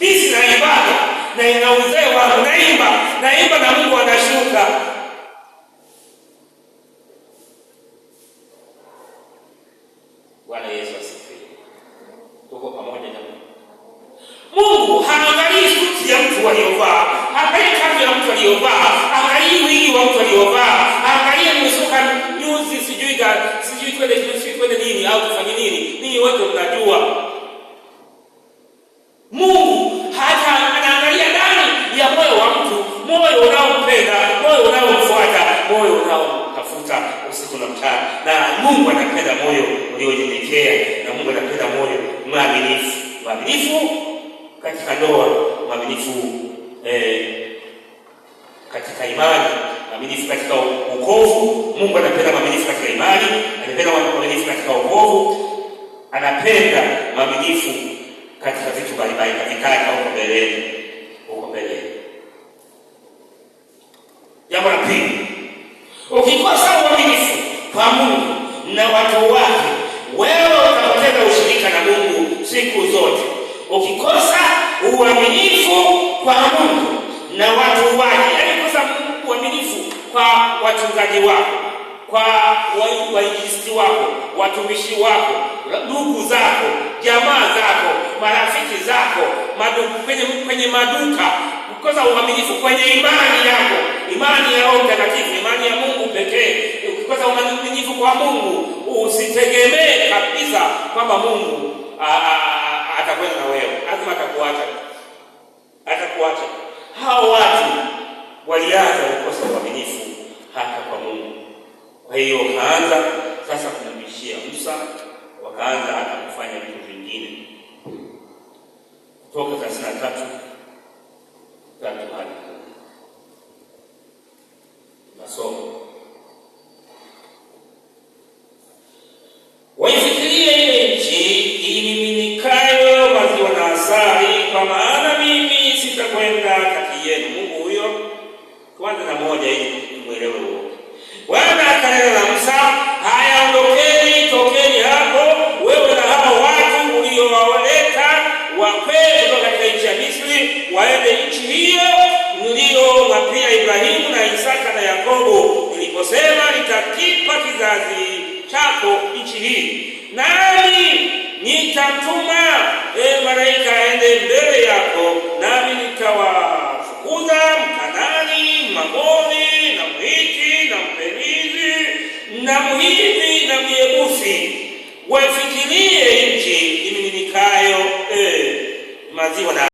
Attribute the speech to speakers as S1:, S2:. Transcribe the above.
S1: Misi na ibada na inauzewa naimba naimba na Mungu anashuka. Bwana Yesu asifiwe. Tuko pamoja jamani. Mungu haangalii suti ya mtu aliyovaa, haangalii kanzu ya mtu aliyovaa, haangalii mwili wa mtu aliyovaa, haangalii kusuka nyuzi sijui gani, sijui twende sijui twende nini au kufanya nini. Ninyi wote mnajua Mungu hata anaangalia ndani ya moyo wa mtu, moyo unaompenda, moyo unaomfuata, moyo unaomtafuta usiku na mchana. Na Mungu anapenda moyo ulionyenyekea, na Mungu anapenda moyo mwaminifu, mwaminifu katika ndoa, mwaminifu eh, katika imani, mwaminifu katika wokovu. Mungu anapenda mwaminifu katika imani, anapenda mwaminifu katika wokovu, anapenda mwaminifu katika vitu mbalimbali katikati huko mbeleni, huko mbeleni. Jambo la pili, ukikosa uaminifu kwa Mungu na watu wake, wewe utapoteza ushirika na Mungu siku zote. Ukikosa uaminifu kwa Mungu na watu wake, yaani kosa uaminifu kwa wachungaji wako kwa wainjilisti wako, watumishi wako, ndugu zako, jamaa zako marafiki zako, madu, kwenye, kwenye maduka, kukosa uaminifu kwenye imani yako, imani ya Roho Mtakatifu, imani ya Mungu pekee, ukikosa uaminifu kwa Mungu, usitegemee kabisa kwamba Mungu atakwenda na wewe, lazima atakuacha, atakuacha. Hao watu waliaza kukosa uaminifu hata kwa Mungu. Kwa hiyo kaanza sasa kumbishia Musa, wakaanza kufanya vitu vingine kutoka thelathini na tatu tatu hadi kumi. Tunasoma, waifikirie ile nchi imiminikayo maziwa na asali, kwa maana mimi sitakwenda kati yenu. Mungu huyo kwanza na moja, ili tumwelewe ndio na pia Ibrahimu na Isaka na Yakobo niliposema nitakipa kizazi chako nchi hii, nami nitatuma e malaika aende mbele yako, nami nitawafukuza Mkanani, Magoni na Mhiti na Mperizi na Mhivi na Myebusi, wafikirie nchi imiminikayo e, maziwa na